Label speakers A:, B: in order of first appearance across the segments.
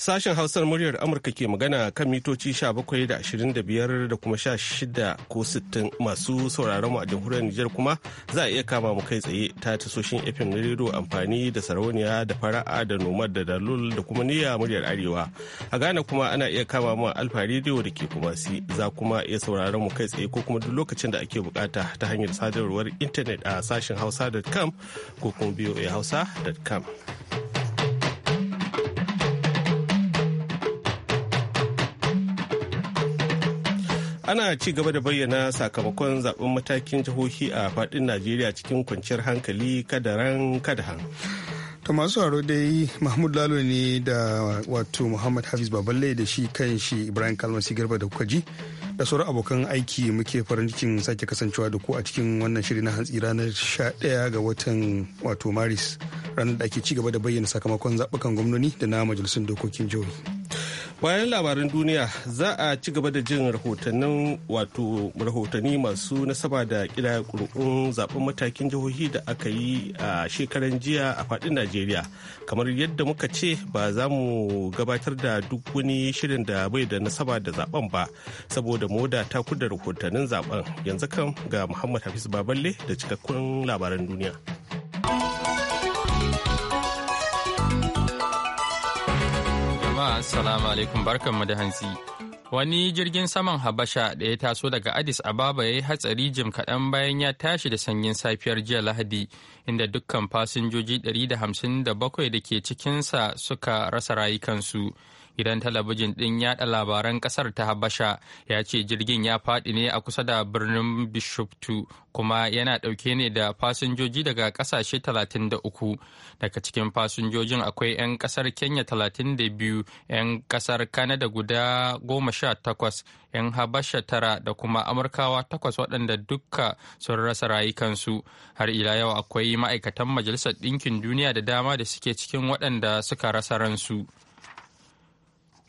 A: Sashen Hausar muryar Amurka ke magana kan mitoci 17 da 25 da kuma 16 ko 60 masu sauraron a jamhuriyar Nijar kuma za a iya kama mu kai tsaye ta tasoshin FM na rediyo amfani da sarauniya da fara'a da nomad da dalul da kuma niyya muryar Arewa. A Ghana kuma ana iya kama mu alfa rediyo da ke kuma si za kuma iya sauraron mu kai tsaye ko kuma duk lokacin da ake bukata ta hanyar sadarwar intanet a sashen hausa.com ko kuma voahausa.com. ana ci gaba da bayyana sakamakon zaben matakin jihohi a faɗin najeriya cikin kwanciyar hankali kadaran kadahan ta masu haro dai mahmud lalo
B: ne da wato muhammad hafiz baballe da shi kan shi ibrahim kalmasi garba da kuka ji da sauran abokan aiki muke farin cikin sake kasancewa da ku a cikin wannan shiri na hantsi ranar 11 ga watan wato maris ranar da ake ci gaba da bayyana sakamakon zaɓukan gwamnoni da na majalisun dokokin jihohi
A: bayan labaran duniya za a ci gaba da jin rahotannin wato rahotanni masu nasaba da kira kurkun zaben matakin jihohi da aka yi a shekaran jiya a fadin najeriya kamar yadda muka ce ba za mu gabatar da duk wani shirin da bai da nasaba da zaben ba saboda moda ta kuda rahotannin zaben yanzu kan ga muhammad hafiz baballe da cikakkun
C: labaran duniya. Assalamu alaikum mu da hansi Wani jirgin saman Habasha da ya taso daga Addis Ababa ya yi hatsari jim kaɗan bayan ya tashi da sanyin safiyar jiya Lahadi, inda dukkan fasinjoji 157 da ke cikinsa suka rasa rayukansu. gidan talabijin ɗin yada labaran ƙasar ta habasha ya ce jirgin ya faɗi ne a kusa da birnin bishoptu kuma yana ɗauke ne da fasinjoji daga ƙasashe 33 daga cikin fasinjojin akwai 'yan ƙasar kenya 32 'yan ƙasar kanada guda 18 'yan habasha tara da kuma amurkawa takwas waɗanda dukka sun rasa rayukansu har ila yau akwai ma'aikatan majalisar ɗinkin duniya da dama da suke cikin waɗanda suka rasa ransu.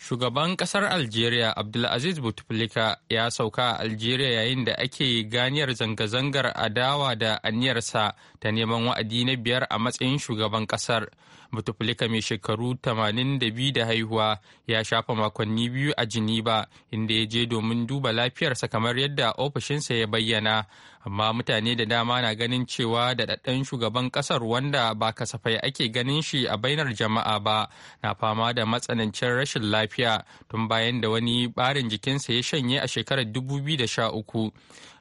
C: Shugaban kasar Algeria Abdulaziz Bouteflika ya sauka a Algeria yayin da ake ganiyar zanga-zangar adawa da aniyarsa ta neman wa'adi na biyar a matsayin shugaban kasar. Butuflika mai shekaru 82 da haihuwa ya shafa makonni biyu a Geneva inda ya je domin duba lafiyarsa kamar yadda ofishinsa ya bayyana. Amma mutane da dama na ganin cewa da daɗaɗɗen shugaban ƙasar wanda ba kasafai ake ganin shi a bainar jama'a ba na fama da matsanancin rashin lafiya tun bayan da wani ɓarin jikinsa ya shanye a shekarar 2013.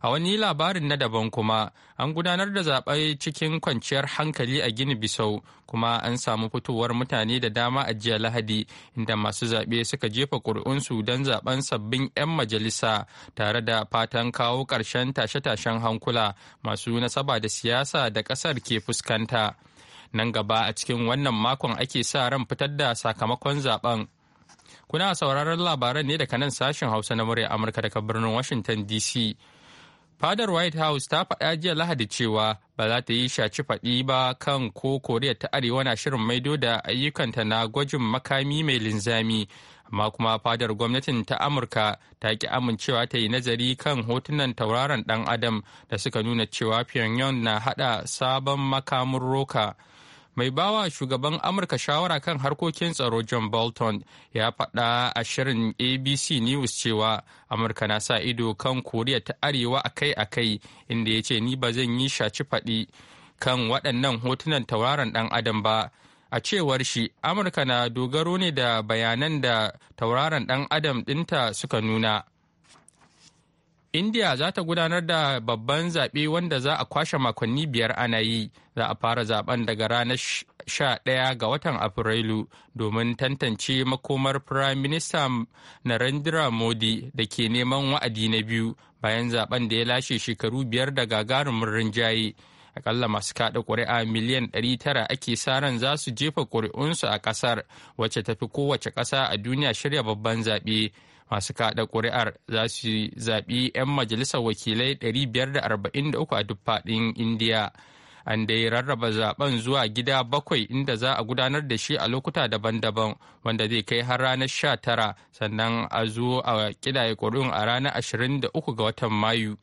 C: A wani labarin na daban kuma an gudanar da zaɓe cikin kwanciyar hankali a gini bisau kuma an samu fitowar mutane da dama a jiya lahadi inda masu zaɓe suka jefa ƙuri'unsu don zaɓen sabbin 'yan majalisa tare da fatan kawo ƙarshen tashe-tashen hankula masu nasaba da siyasa da ƙasar ke fuskanta nan gaba a cikin wannan makon ake sa ran fitar da sakamakon zaɓen kuna sauraron labaran ne daga nan sashen hausa na murya amurka daga birnin washington dc Fadar White House ta faɗa jiya Lahadi cewa ba za ta yi shaci faɗi ba kan ko Koriya ta Arewa na shirin maido da ayyukanta na gwajin makami mai linzami. Amma kuma fadar gwamnatin ta Amurka ta ki amincewa ta yi nazari kan hotunan tauraron ɗan Adam da suka nuna cewa Pyongyang na haɗa sabon makamin roka. mai bawa shugaban amurka shawara kan harkokin tsaro john bolton ya faɗa a shirin abc news cewa amurka na sa ido kan koriya ta arewa akai-akai inda ya ce ni ba zan yi shaci faɗi kan waɗannan hotunan tauraron ɗan adam ba a cewar shi amurka na dogaro ne da bayanan da tauraron ɗan adam ɗinta suka nuna India za ta gudanar da babban zaɓe wanda za a kwashe makonni biyar ana yi, za a fara zaben daga ranar sha ɗaya ga watan Afrilu domin tantance makomar Prime Minister Narendra Modi da ke neman wa'adi na biyu bayan zaben da ya lashe shekaru biyar da gagarumin rinjaye. Akalla masu kaɗa ƙuri'a miliyan 900 ake sa ran za su jefa ƙuri'unsu a ƙasar wacce tafi kowace ƙasa a duniya shirya babban zaɓe. masu kada kuri'ar za su zaɓi 'yan majalisar wakilai 543 a duk faɗin indiya an dai rarraba zaben zuwa gida bakwai inda za a gudanar da shi a lokuta daban-daban wanda zai kai har ranar 19 sannan a zo a kidaye ƙuri'un a ranar 23 ga watan mayu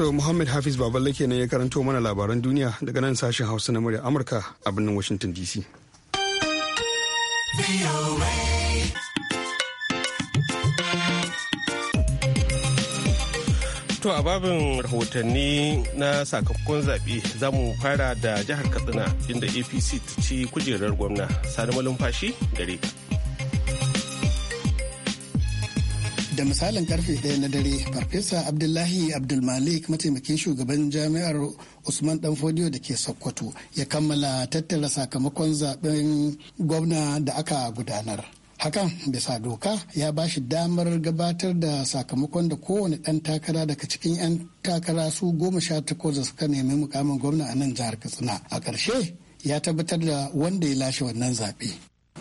B: To Muhammad Hafiz Baballe kenan ya karanto mana labaran duniya daga nan sashen Hausa na murya Amurka a birnin Washington DC.
A: To a babin rahotanni na sakamakon zaɓe za mu fara da jihar Katsina inda APC ta ci kujerar gwamna. Sani malumfashi gare
D: da misalin karfe ɗaya na dare farfesa abdullahi abdulmalik mataimakin shugaban jami'ar usman danfodiyo da ke sokoto ya kammala tattara sakamakon zaben gwamna da aka gudanar hakan bisa doka ya ba shi damar gabatar da sakamakon da kowane ɗan takara daga cikin 'yan takara su goma sha takwas da suka nemi mukamin gwamna a nan jihar katsina a karshe ya tabbatar da wanda ya lashe wannan zaɓe.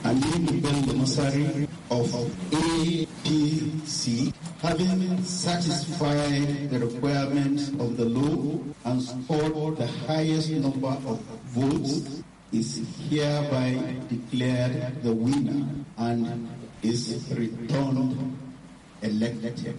D: Aminu commissary of APC, having satisfied the requirements of the law and scored the highest number of votes, is hereby declared the winner and is returned
A: elected.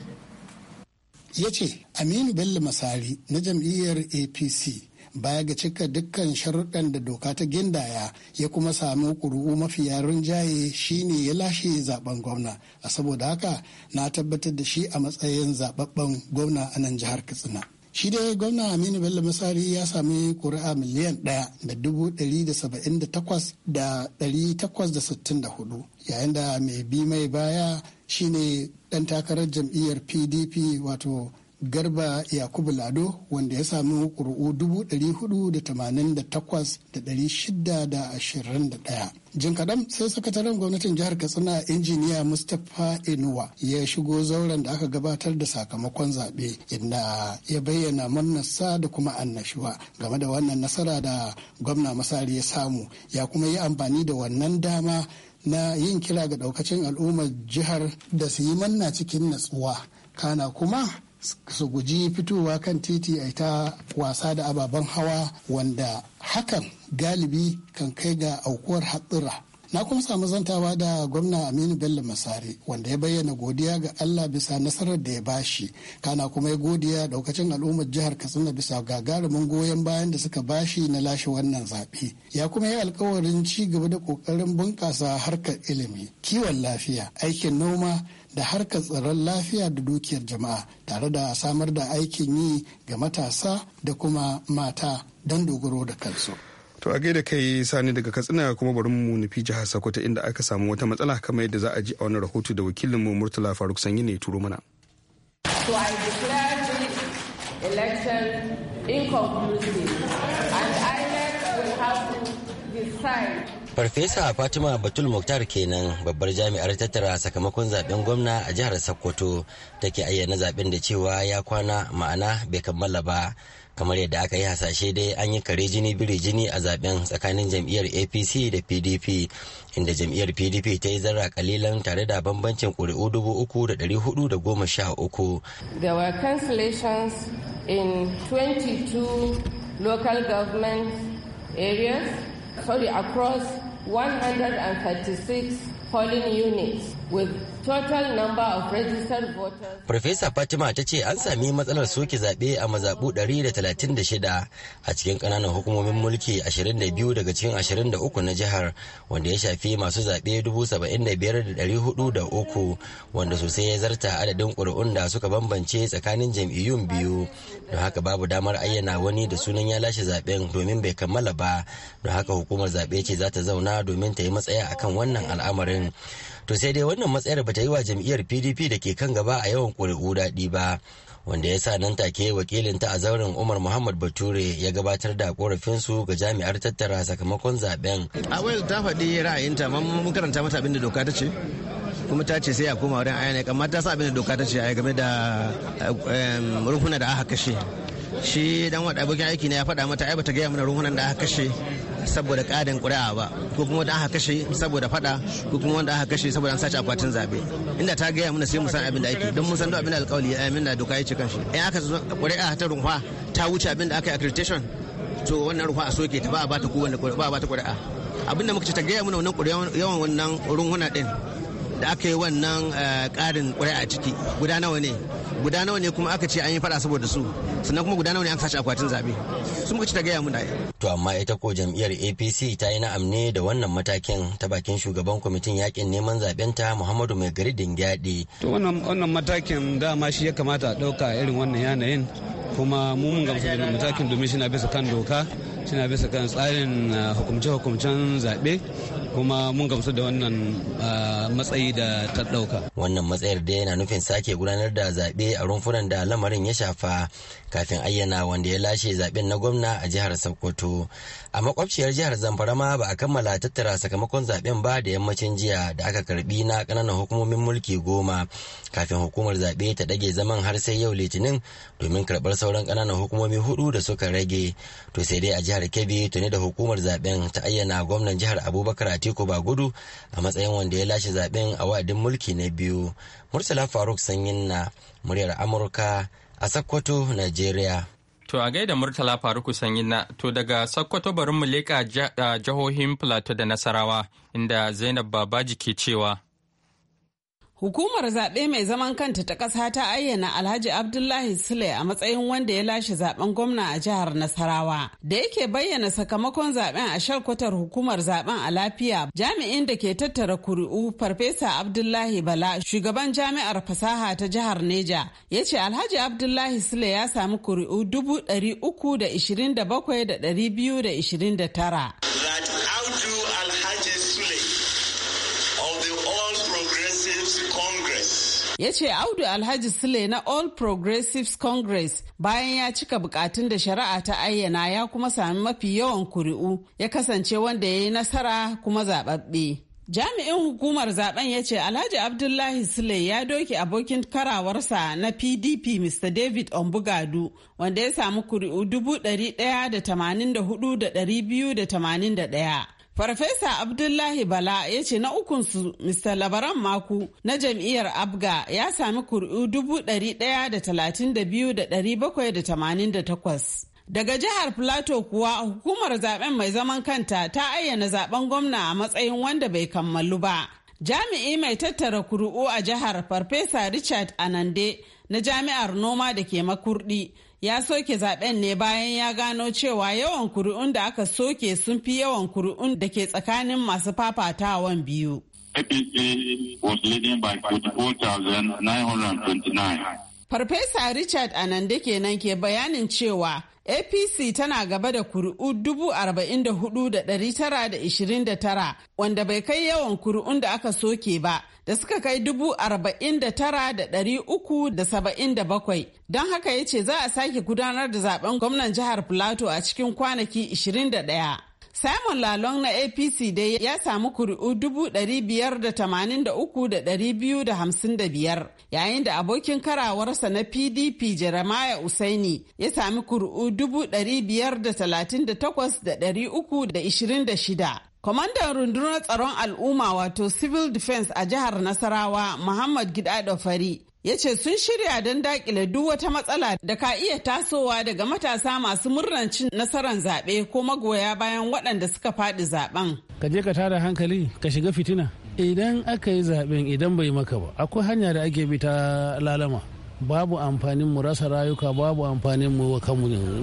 D: ya ce aminu bello masari na jam'iyyar apc baya ga cika dukkan sharuɗan da doka ta gindaya ya kuma sami ƙuri'u mafiya rinjaye shine ya lashe zaben gwamna a saboda haka na tabbatar da shi a matsayin zababben gwamna a nan jihar katsina shi dai gwamna aminu bello masari ya sami ƙuri'a miliyan ɗaya da dubu ɗari da saba'in da takwas da ɗari takwas da sittin da hudu yayin da mai bi mai baya shine ɗan takarar jam'iyyar pdp wato garba yakubu lado wanda ya sami ƙuri'u 488,621 jin kaɗan sai sakataren gwamnatin jihar katsina injiniya mustapha inuwa ya shigo zauren da aka gabatar da sakamakon zaɓe inda ya bayyana murnarsa da kuma annashuwa game da wannan nasara da gwamna masari ya samu ya kuma yi amfani da wannan dama na yin kira ga ɗaukacin al'ummar jihar da su yi manna cikin natsuwa kana kuma su guji fitowa kan titi a ta wasa da ababen hawa wanda hakan galibi kan kai ga aukuwar hatsira na kuma samu zantawa da gwamna aminu bello masari wanda ya bayyana godiya ga allah bisa nasarar da ya bashi kana kuma ya godiya daukacin al'ummar jihar katsina bisa gagarumin goyon bayan da suka bashi na lashe wannan zaɓe ya kuma yi alkawarin ci gaba da ƙoƙarin bunƙasa harkar ilimi kiwon lafiya aikin noma da harkar tsaron lafiya da dukiyar jama'a tare da samar da aikin yi ga matasa da kuma mata don dogaro da kansu.
B: To a gaida kai sani daga Katsina kuma bari mu nufi jihar Sokoto inda aka samu wata matsala kamar yadda za a ji a wani rahoto da wakilin mu Murtala Faruk Sanyi ne turo mana.
E: So I declare election inconclusive and will have to decide
F: Farfesa Fatima Batul Muktar kenan babbar jami'ar tattara sakamakon zaben gwamna a jihar Sokoto take ayyana zaben da cewa ya kwana ma'ana bai kammala ba kamar yadda aka yi hasashe dai an yi kare jini biri jini a zaben tsakanin jam'iyyar apc da pdp inda jam'iyyar pdp ta yi zarra kalilan tare da bambancin ƙuri'u dubu uku da ɗari hudu da goma sha uku
E: there were cancellations in 22 local government areas sorry across 136 polling units with total
F: Farfesa Fatima ta ce an sami matsalar soke zaɓe a mazaɓu 136 a cikin ƙananan hukumomin mulki 22 daga cikin 23 na jihar wanda ya shafi masu zaɓe 75,403 wanda sosai ya zarta adadin ƙuri'un da suka bambance tsakanin jam'iyyun biyu don haka babu damar ayyana wani da sunan ya lashe zaɓen domin bai kammala ba don haka hukumar zaɓe ce za ta zauna domin ta yi matsaya akan wannan al'amarin. to sai dai wannan matsayar bata yi wa jam'iyyar pdp da ke kan gaba a yawan ƙuri'u daɗi ba wanda ya sa nan take wakilinta a zauren umar muhammad bature ya gabatar da korafinsu ga jami'ar tattara sakamakon zaben awel ta faɗi ra'ayinta amma mun karanta mata abin da doka ta ce kuma ta ce sai a koma wurin ayyana amma ta sa abin da doka ta ce a game da eh, rumfuna da aka kashe shi dan wada abokin aiki ne ya faɗa mata ai bata gaya mana ruhunan da aka kashe saboda ƙarin ƙuri'a ba ko kuma wanda aka kashe saboda faɗa ko kuma wanda aka kashe saboda an sace akwatin zabe inda ta gaya mana sai mu san abin da ake don mun san duk abin da alƙawari ya amin da doka ya ce kanshi in aka zo ƙuri'a ta runfa ta wuce abin da aka yi accreditation to wannan runfa a soke ta ba a bata kowanne ba a bata ƙuri'a abin da muka ce ta gaya mana wannan ƙuri'a yawan wannan runhuna din da aka yi wannan eh, ƙarin ƙuri'a ciki guda nawa ne guda nawa ne kuma aka ce an yi fada saboda su sannan kuma guda nawa ne an sace akwatin zabe sun muka ci ta gaya mu da to amma ita ko jam'iyyar APC ta yi na'am ne da wannan matakin ta bakin shugaban kwamitin yakin neman zaben ta Muhammadu Mai Gari Dingyadi to
A: wannan wannan matakin dama shi ya kamata a dauka irin wannan yanayin kuma mu mun gamsu da matakin domin shi na bisa kan doka na bisa kan tsarin ah, hukumce-hukumcen zaɓe
F: kuma mun gamsu da wannan matsayi da ta ɗauka. Wannan matsayar da yana nufin sake gudanar da zaɓe a rumfunan da lamarin ya shafa kafin ayyana wanda ya lashe zaɓen na gwamna a jihar Sokoto. A makwabciyar jihar Zamfara ma ba a kammala tattara sakamakon zaɓen ba da yammacin jiya da aka karbi na ƙananan hukumomin mulki goma kafin hukumar zaɓe ta ɗage zaman har sai yau litinin domin karɓar sauran ƙananan hukumomi hudu da suka rage. To sai dai a jihar Kebbi tuni da hukumar zaɓen ta ayyana gwamnan jihar Abubakar Atiku Bagudu a matsayin wanda ya lashe zaben a wa'adin mulki na biyu. Murtala Faruk Sanyin na muryar Amurka a Sokoto, Najeriya.
C: To a gaida Murtala Faruk Sanyin na to daga Sokoto bari mu leƙa jihohin Plateau da Nasarawa inda Zainab Babaji ke cewa.
E: Hukumar zaɓe mai zaman kanta ta ƙasa ta ayyana Alhaji Abdullahi Sule a matsayin wanda ya lashe zaben gwamna a jihar Nasarawa. Da yake bayyana sakamakon zaben a shalkwatar hukumar zaben a lafiya jami'in da ke tattara kuri'u Farfesa Abdullahi Bala shugaban jami'ar fasaha ta jihar Neja ya ce Alhaji Abdullahi Sule ya samu kuri'u dubu da ɗari biyu da ya ce audu alhaji sule na all progressives congress bayan ya cika bukatun da shari'a ta ayyana ya kuma sami mafi yawan kuri'u ya kasance wanda ya yi nasara kuma zababbe jami'in hukumar zaben ya ce alhaji abdullahi sule ya doki abokin karawarsa na pdp mr david ombugadu wanda ya samu kuri'u ɗaya. Farfesa Abdullahi Bala ya ce na ukunsu Mr. Labaran Maku na jam'iyyar Abga ya sami kuri'u takwas. Daga jihar Plateau kuwa hukumar zaben mai zaman kanta ta ayyana zaben gwamna a matsayin wanda bai kammalu ba. Jami'i mai tattara kuri'u a jihar Farfesa Richard Anande na jami'ar noma da ke makurdi ya soke zaben ne bayan ya gano cewa yawan kuri'un da aka soke sun fi yawan kuri'un da ke tsakanin masu fafatawan biyu.
G: APC was leading by 44,929.
E: Farfesa Richard Anande kenan ke bayanin cewa APC tana gaba da kuri'u 44,929 wanda bai kai yawan kuri'un da aka soke ba da suka kai 49,377 don haka ya ce za a sake gudanar da zaben gwamnan jihar Plateau a cikin kwanaki 21. Simon Lalong na APC dai ya samu kuri'u 583,255 yayin da abokin karawarsa na PDP Jeremiah Usaini ya sami kuri'u da shida. Kwamandan rundunar tsaron al'umma wato Civil Defense a jihar Nasarawa Muhammad Gidado Fari ya ce sun shirya don dakile duk wata matsala da ka iya tasowa daga matasa masu murnan cin nasarar zaɓe ko magoya bayan waɗanda suka faɗi zaɓen. ka je
D: ka tara hankali ka shiga fitina idan aka yi zaɓen idan bai maka ba akwai hanya da ake bi ta lalama babu amfanin mu rasa rayuka babu amfanin mu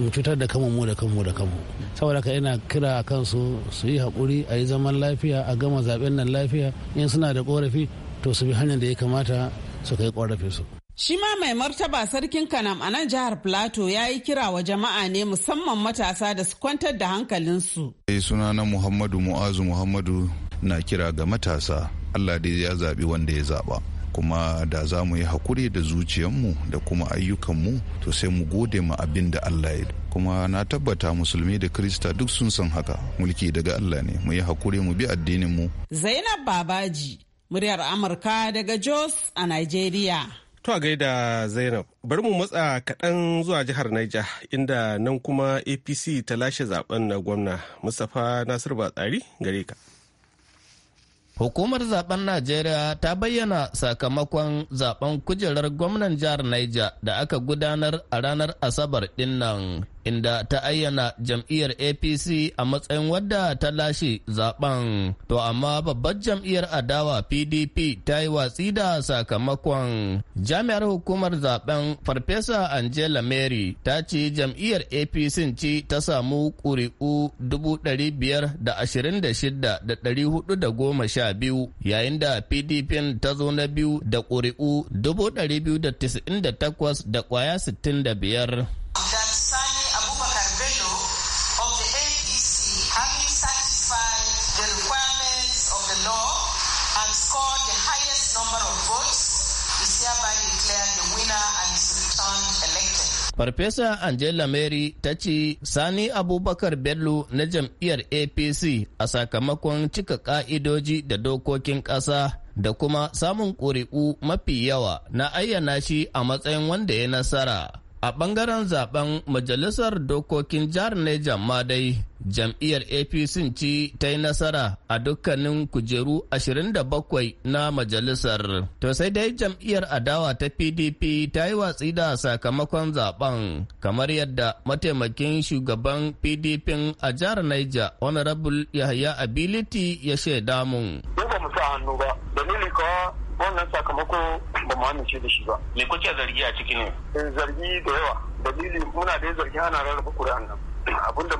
D: cutar da kanmu mu da kanmu da kanmu saboda ka ina kira a kansu su yi haƙuri a yi zaman lafiya a gama zaɓen nan lafiya in suna da ƙorafi to su bi hanyar da ya kamata su kai
B: korafin su
E: Shi ma mai martaba sarkin Kanam a nan jihar Plateau ya yi kira wa jama'a ne musamman matasa da su kwantar da hankalinsu.
B: Eh, sunana Muhammadu Mu'azu Muhammadu na kira ga matasa Allah dai ya zaɓi wanda ya zaɓa. kuma da za mu yi hakuri da zuciyarmu da kuma ayyukanmu to sai mu gode ma abin da Allah ya kuma na tabbata musulmi da krista duk sun san haka mulki daga Allah ne mu yi hakuri mu bi
A: addininmu.
E: Zainab Babaji muryar Amurka daga Jos a Nigeria.
A: To a gaida Zainab, bari mu matsa kaɗan zuwa jihar Niger inda nan kuma APC ta lashe zaben na gwamna Mustapha Nasir Batsari gare ka.
H: Hukumar zaben Najeriya ta bayyana sakamakon zaben kujerar gwamnan jihar Niger da aka gudanar a ranar Asabar ɗinnan. inda ta ayyana jam'iyyar apc a matsayin wadda ta lashe zaben to amma babbar jam'iyyar adawa pdp ta yi watsi da sakamakon jami'ar hukumar zaben farfesa angela mary ta ce jam'iyyar apc ce ta samu ƙuri'u 526,412 yayin da pdp ta zo na biyu da ƙuri'u 298 da ƙwaya 65 Farfesa Angela Mary ta ce Sani Abubakar Bello na jam'iyyar APC a sakamakon cika ka'idoji da dokokin ƙasa da kuma samun ƙuri'u mafi yawa na ayyana shi a matsayin wanda ya nasara. A ɓangaren zaben Majalisar Dokokin Jihar Neja ma jam'iyyar apc ci ta yi nasara a dukkanin kujeru 27 na majalisar to sai dai jam'iyyar adawa ta pdp ta yi watsi da sakamakon zaben kamar yadda mataimakin shugaban pdp a jihar niger honorable yahya ability ya shaida mun
A: wannan sakamako ba mu amince
H: da shi ba. Me kuke zargi a ciki ne? Eh, zargi da yawa. Dalili muna da zargi ana rarraba kuri'an nan. abinda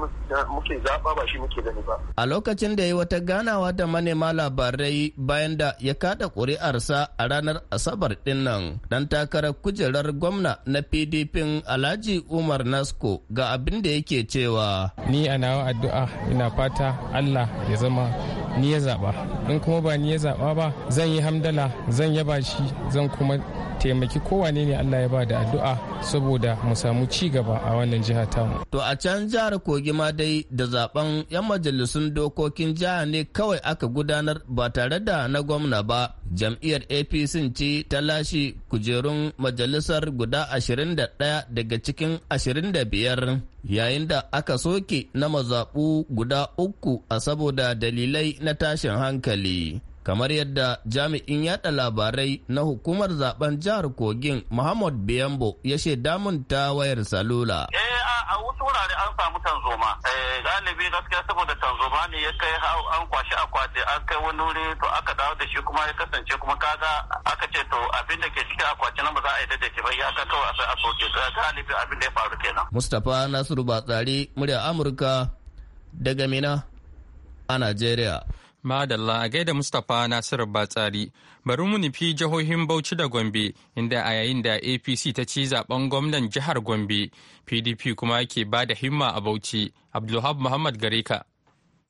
H: muke zaba ba shi muke gani ba. A lokacin da ya yi wata ganawa da manema labarai bayan da ya kada ƙuri'arsa a ranar Asabar ɗin nan, dan takarar kujerar gwamna na PDP Alhaji Umar Nasko ga abin
C: da yake cewa. Ni a nawa addu'a ina fata Allah ya zama ni ya zaɓa. In kuma ba ni ya zaɓa ba zan yi hamdala zan yaba shi zan kuma taimaki kowane ne Allah ya ba da addu'a saboda mu samu ci gaba a wannan jiha tamu.
H: To a can jihar Kogi ma dai da zaben 'yan majalisun dokokin jiha ne kawai aka gudanar ba tare da na gwamna ba. Jam'iyyar APC ce ta lashe kujerun majalisar guda 21 daga cikin 25 yayin da aka soke na mazaɓu guda uku a saboda dalilai na tashin hankali. kamar yadda jami'in yada labarai na hukumar zaben jihar kogin muhammad biyambo ya shaida mun ta wayar salula eh, a wasu wurare an samu tanzoma eh, galibi gaskiya saboda tanzoma ne ya kai an kwashi akwati
G: an kai wani wuri to aka dawo da shi kuma ya kasance
I: kuma kaga aka ce to abin da ke cikin
H: akwati nan ba za a yi da ke ba ya ka kawai a soke galibi abin da ya faru kenan mustapha nasiru batsari murya amurka daga mina a najeriya
C: Madalla a gaida Mustapha Nasiru Batsari bari mu nufi jihohin Bauchi da Gombe inda a yayin da APC ta ci zaben gwamnan jihar Gombe PDP kuma ke ba da himma a Bauchi Abdulhab Muhammad Gareka.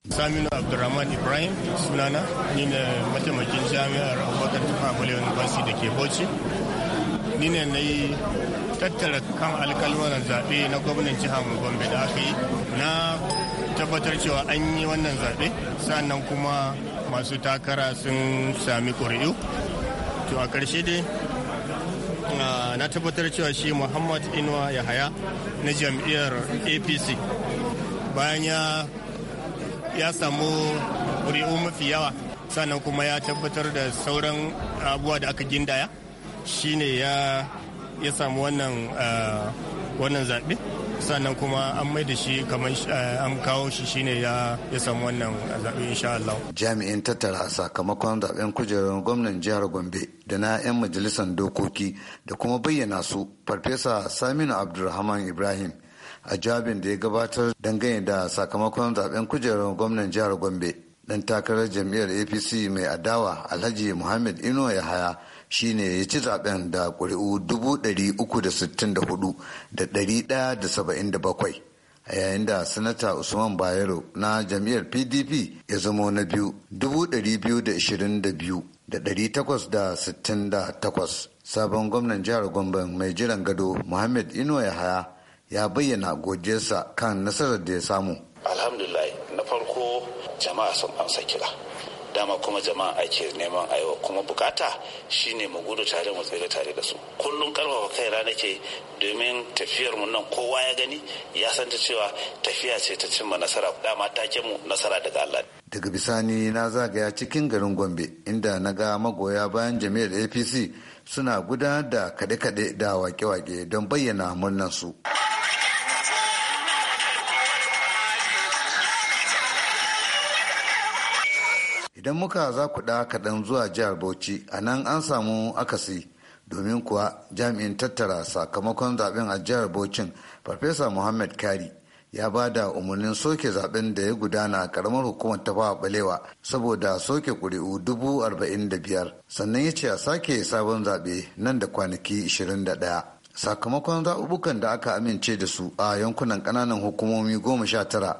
H: Saminu Abdulrahman Ibrahim sunana ni ne mataimakin jami'ar Abubakar Tufa University da ke Bauchi. Ni ne na yi tattara kan alkalmanin zaɓe na gwamnan jihar Gombe da aka yi na tabbatar cewa an yi wannan zaɓe sannan kuma masu takara sun sami ƙuri'u to a ƙarshe dai na tabbatar cewa shi muhammad inuwa yahaya na jam'iyyar apc bayan ya samu ƙuri'u mafi yawa sannan kuma ya tabbatar da sauran abuwa da aka gindaya shine ne ya samu wannan zaɓe sannan kuma an mai da shi kamar eh, an kawo shi shine ya samu wannan zaɓe insha Allah.
I: Jami'in tattara sakamakon zaben kujerar gwamnan jihar Gombe da na 'yan majalisar dokoki da kuma bayyana su Farfesa Saminu Abdulrahman Ibrahim a jabin da ya gabatar dangane da sakamakon zaben kujerar gwamnan jihar Gombe. Dan takarar jam'iyyar APC mai adawa Alhaji Muhammad Ino Yahaya shine ya ci zaben da ƙuri'u 364,177 a yayin da sanata usman bayero na jam'iyyar pdp ya zamo na biyu 222,868 sabon gwamnan jihar gombe mai jiran gado muhammad inuwa yahaya ya bayyana gojiyarsa kan nasarar da ya samu
A: alhamdulillah na farko jama'a sun amsa kira dama kuma jama'a ake neman aiwa kuma bukata shine mu gudu tare mu tsere tare da su kullum karfafa kai rana ke domin tafiyar mu nan kowa ya gani ya san ta cewa tafiya ce ta cimma nasara dama take mu nasara daga Allah
I: daga bisani na zagaya cikin garin Gombe inda na ga magoya bayan jami'ar APC suna gudanar da kade-kade da wake-wake don bayyana murnar su idan muka za ku ɗa kaɗan zuwa jihar bauchi a nan an samu akasi domin kuwa jami'in tattara sakamakon zaben a jihar bauchin farfesa muhammad kari ya ba da umarnin soke zaben da ya gudana a karamar hukumar ta fawa balewa saboda soke ƙuri'u dubu arba'in da biyar sannan ya ce a sake sabon zaɓe nan da kwanaki ishirin da ɗaya sakamakon zaɓuɓɓukan da aka amince da su a yankunan ƙananan hukumomi goma sha tara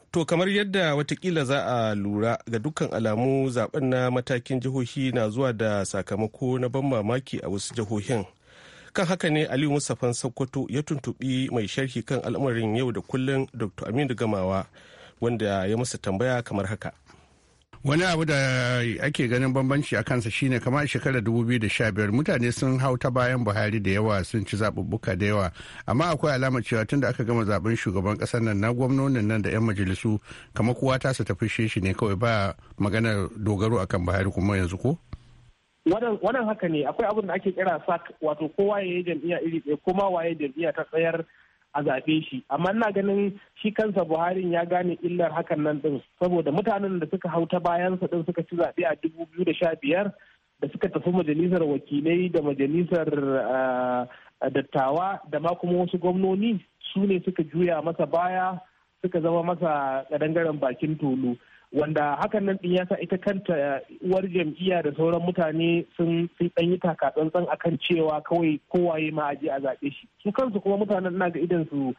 A: To kamar yadda watakila za a lura ga dukkan alamu zaben na matakin jihohi na zuwa da sakamako na ban mamaki a wasu jihohin. Kan haka ne Aliyu Mustapha Sokoto ya tuntuɓi mai sharhi kan al'amarin yau da kullum Dr. Aminu Gamawa wanda ya masa tambaya kamar haka.
J: wani abu da ake ganin bambanci a kansa shine kama a shekarar 2015 mutane sun hau ta bayan buhari da yawa sun ci zaɓuɓɓuka da yawa amma akwai alamar cewa tun da aka gama zaben shugaban ƙasar nan na gwamnonin nan da 'yan majalisu kama kowa ta su tafi shi ne kawai ba magana dogaro akan buhari kuma yanzu ko
K: wannan haka ne akwai abin da ake kira sak wato kowa ya yi jam'iyya iri ɗaya kuma waye jam'iyya ta tsayar a zaɓe shi amma ina ganin shi kansa buharin ya gane illar hakan nan din saboda mutanen da suka hau ta bayansa din suka ci zaɓe a dubu biyu da sha biyar da suka tafi majalisar wakilai da majalisar ah, dattawa da ma kuma wasu gwamnoni su ne suka juya masa baya suka zama masa ƙadangaren bakin tulu wanda hakan nan ɗin ya sa ita kanta uwar jam'iyya da sauran mutane sun ɗan yi tsantsan akan cewa kawai kowaye ma aje a zaɓe shi su kansu kuma mutanen na ga idan su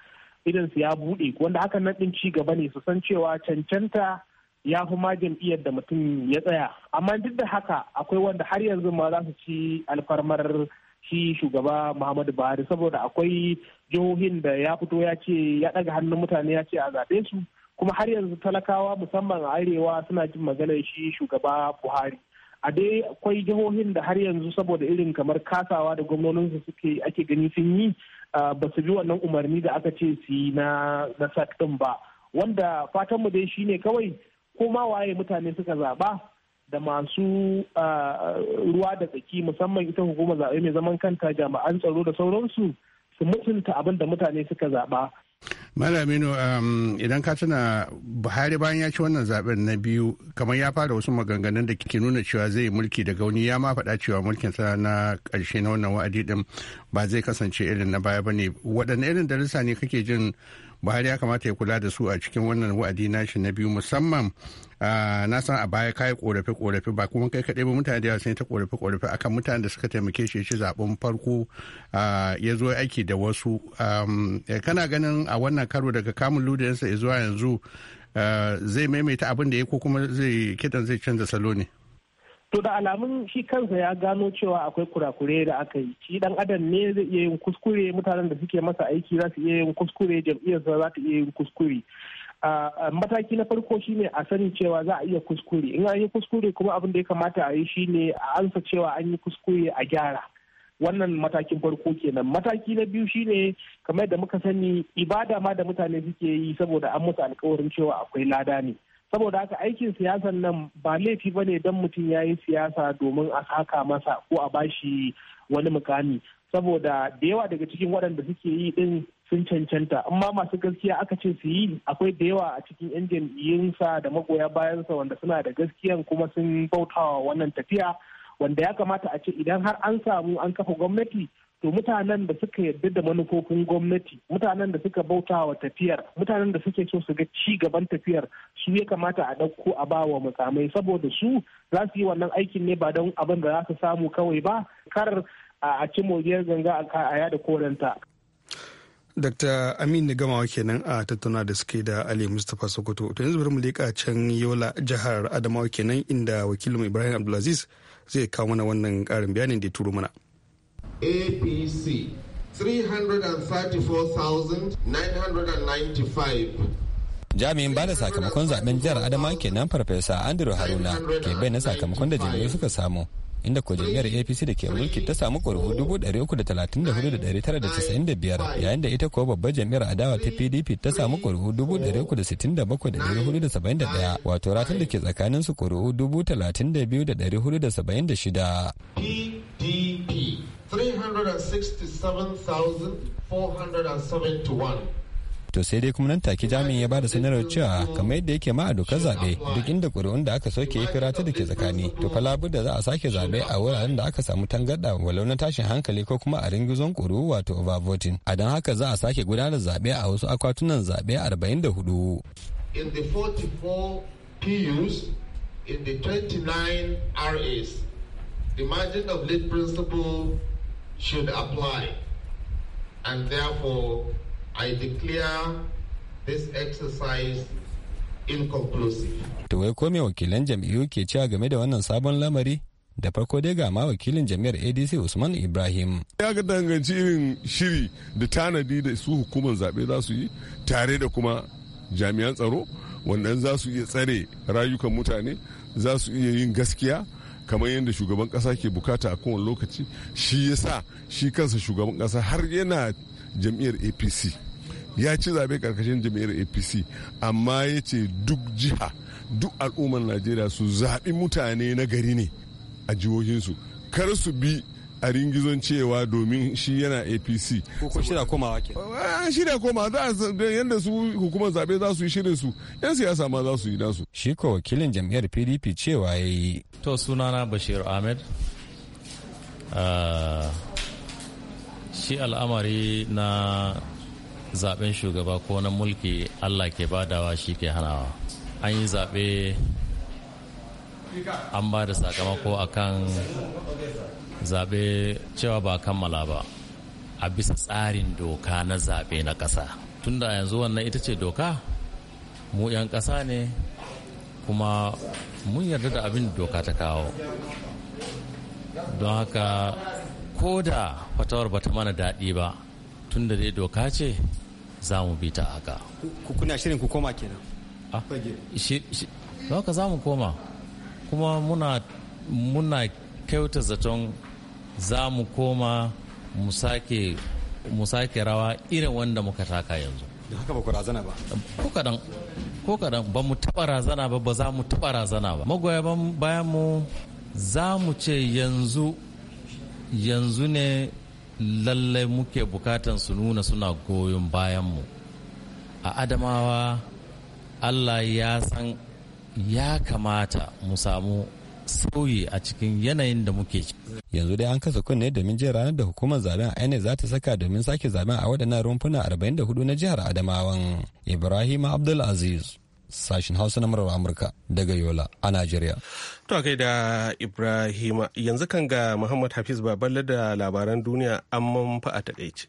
K: ya buɗe wanda hakan nan ɗin ci gaba ne su san cewa cancanta ya fi ma jam'iyyar da mutum ya tsaya amma duk da haka akwai wanda har yanzu ma za su ci alfarmar shi shugaba muhammadu buhari saboda akwai jihohin da ya fito ya ce ya ɗaga hannun mutane ya ce a zaɓe su kuma har yanzu talakawa musamman a arewa suna jin maganar shi shugaba buhari a dai akwai jihohin da har yanzu saboda irin kamar kasawa da gwamnoninsu suke ake gani sun yi ba su bi wannan umarni da aka ce su yi na sac ɗin ba wanda fatanmu dai shine kawai ko ma waye mutane suka zaba da masu ruwa da tsaki musamman ita hukumar zaɓe mai zaman kanta jama'an tsaro da sauransu su mutunta abin da mutane suka zaba.
J: Malamino um, idan ka tuna Buhari bayan ya ci wannan zaben na biyu kamar ya fara wasu maganganun da ke nuna cewa zai mulki daga wani ya ma faɗa cewa mulkin sa na ƙarshe na wannan wa'adi din ba zai kasance irin na baya ba ne waɗanne irin darussa ne kake jin buhari ya kamata ya kula da su a cikin wannan wa'adi nashi na biyu musamman na san a baya kai korafi korafi ba kuma kai kaɗai ba mutane da yawa sun ta korafe a akan mutane da suka taimake shi shi zaben farko ya zo aiki da wasu eh, kana ganin a wannan karo daga kamun ya zuwa yanzu zai maimaita abin da ya ko kuma zai kidan zai canza salo ne
K: to da alamun shi kansa ya gano cewa akwai kurakure da aka yi shi dan adam ne zai iya yin kuskure mutanen da suke masa aiki za su iya yin kuskure jam'iyyarsa za ta iya yin kuskure mataki na farko shine a sani cewa za a iya kuskure in an yi kuskure kuma abin da ya kamata a yi shine a ansa cewa an yi kuskure a gyara wannan matakin farko kenan mataki na biyu shine kamar da muka sani ibada ma da mutane suke yi saboda an musu alkawarin cewa akwai lada ne saboda haka aikin siyasan nan ba laifi ba ne don mutum ya yi siyasa domin a saka masa ko a bashi wani mukami saboda da yawa daga cikin waɗanda suke yi din sun cancanta amma masu gaskiya aka ce su yi akwai da yawa a cikin yan jam'iyyunsa da magoya bayansa wanda suna da gaskiyan kuma sun bautawa wannan tafiya wanda ya kamata a ce idan har an samu an kafa gwamnati to mutanen da suka yarda da manufofin gwamnati mutanen da suka bauta wa tafiyar mutanen da suke so su ga ci gaban tafiyar su ya kamata a ɗauko a ba wa mukamai saboda su za su yi wannan aikin ne ba don abin da za su samu kawai ba kar a ci moriyar ganga a da koranta.
B: Dr. Amin da gamawa kenan a tattauna da suke da Ali Mustapha Sokoto. To yanzu bari mu leƙa can Yola jihar Adamawa kenan inda wakilin Ibrahim Abdulaziz zai kawo mana wannan ƙarin bayanin da
L: ya turo mana.
A: APC 334,995
L: jami'in bada sakamakon zaben jihar adama kenan farfesa andrew haruna ke bayyana sakamakon da jami'ai suka samu inda ko Jami'ar apc da ke mulki ta samu ƙuri'u dubu ɗari uku da talatin da hudu da ɗari tara da casa'in da biyar yayin da ita kuwa babbar jam'iyyar adawa ta pdp ta samu ƙuri'u dubu ɗari uku da sittin da bakwai da ɗari hudu da saba'in da ɗaya wato ratan da ke tsakanin su ƙuri'u dubu talatin da biyu da ɗari hudu da saba'in da shida.
A: pdp 367,471
L: to sai dai kuma nan take jami'in ya bada sanarwar cewa kamar yadda yake ma a dokar zaɓe duk inda ƙuri'un da aka soke ya fira ta da ke tsakani to fa da za a sake zabe a wuraren da aka samu tangarɗa walau na tashin hankali ko kuma a ringizon ƙuri'u wato overvoting a don haka za a sake gudanar zaɓe a wasu akwatunan zabe 44.
I: In the 44
D: PUs, in the 29 RAs, the margin of lead principle should apply and therefore I declare this exercise inconclusive.
L: To ko me wakilan jam'iyyu ke cewa game da wannan sabon lamari? Da farko dai ga ma wakilin jami'ar ADC Usman Ibrahim.
A: Ya ga danganci irin shiri da tanadi da su hukumar zaɓe za su yi tare da kuma jami'an tsaro wannan za su iya tsare rayukan mutane za su iya yin gaskiya kamar yadda shugaban kasa ke bukata a kowane lokaci shi yasa shi kansa shugaban ƙasa har yana jam'iyyar apc ya ci zaɓe karkashin jam'iyyar apc amma ya ce duk jiha duk al'ummar najeriya su zaɓi mutane na gari ne a jihohinsu kar su bi a ringizon cewa domin shi yana apc ko shirya komawa ke ah, shirya
L: komawa da yadda su hukumar zaɓe za su yi shirin su yan siyasa ma za su yi nasu shi ko wakilin jam'iyyar pdp cewa ya yi
G: to sunana bashir ahmed ah, shi al'amari na zaben shugaba ko na mulki allah ke badawa shi ke hanawa an yi zaɓe an ba da sakamako a kan zaɓe cewa ba kammala ba a bisa tsarin doka na zaɓe na ƙasa tunda yanzu wannan ita ce doka mu 'yan ƙasa ne kuma mun yarda da abin doka ta kawo don haka ko da fatawar bata mana daɗi ba tun da dai doka ce za mu bi ta haka
L: kuna shirin ku koma kenan ah,
G: ka za mu koma kuma muna kyauta zaton za mu koma mu sake rawa irin wanda muka taka
L: yanzu da haka ba ku razana ba
G: ko kadan ko kadan ba mu taba razana ba ba za mu taba razana ba magoya bayan mu za mu ce yanzu yanzu ne lallai muke bukatan su nuna suna goyon bayanmu a adamawa allah ya san ya
L: kamata mu samu sauyi a cikin yanayin da muke ci. yanzu dai an kasa kunne domin jiya ranar da hukumar zaben aine za ta saka domin sake zaben a waɗannan rumfuna 44 na jihar adamawan ibrahim abdulaziz Sashen Hausa na murar Amurka daga Yola a Najeriya.
A: To kai da Ibrahim yanzu kan ga Muhammad Hafiz Baballe da labaran duniya an manfa a takaice.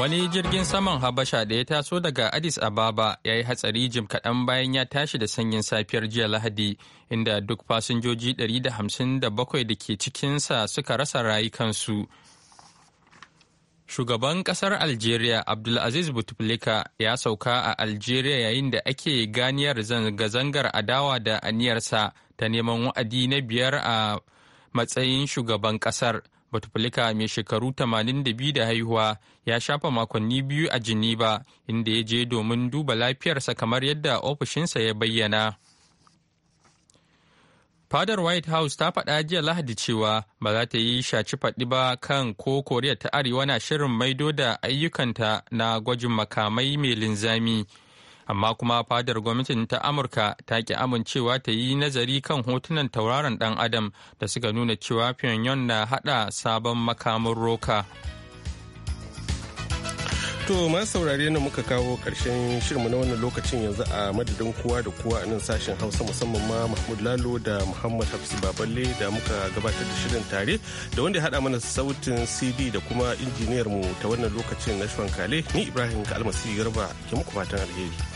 C: Wani jirgin saman Habasha da ya taso daga Addis Ababa ya yi hatsari jim kaɗan bayan ya tashi da sanyin safiyar jiya Lahadi, inda duk fasinjoji 157 da ke cikinsa suka rasa rayukansu. Shugaban ƙasar Algeria Abdulaziz Bouteflika ya sauka a Algeria yayin da ake ganiyar zanga-zangar adawa da aniyarsa ta neman wa'adi na biyar a matsayin shugaban ƙasar Bouteflika mai shekaru 82 da haihuwa ya shafa makonni biyu a Geneva inda ya je domin duba lafiyarsa kamar yadda ofishinsa ya bayyana. Fadar White House ta faɗa jiya Lahadi cewa ba za ta yi shaci faɗi ba kan ko Koriya ta Arewa na shirin maido da ayyukanta na gwajin makamai mai linzami. Amma kuma fadar gwamnatin ta Amurka ta ki amincewa ta yi nazari kan hotunan tauraron ɗan Adam da suka nuna cewa Pyongyang na haɗa sabon makamin roka.
A: To masu saurare na muka kawo ƙarshen shirinmu na wannan lokacin yanzu a madadin kowa da kowa a nan sashen Hausa musamman ma Mahmud Lalo da Muhammad Hafsi Baballe da muka gabatar da shirin tare da wanda ya haɗa mana sautin CD da kuma injiniyar mu ta wannan lokacin na Kale ni Ibrahim Kalmasi Garba ke muku fatan alheri.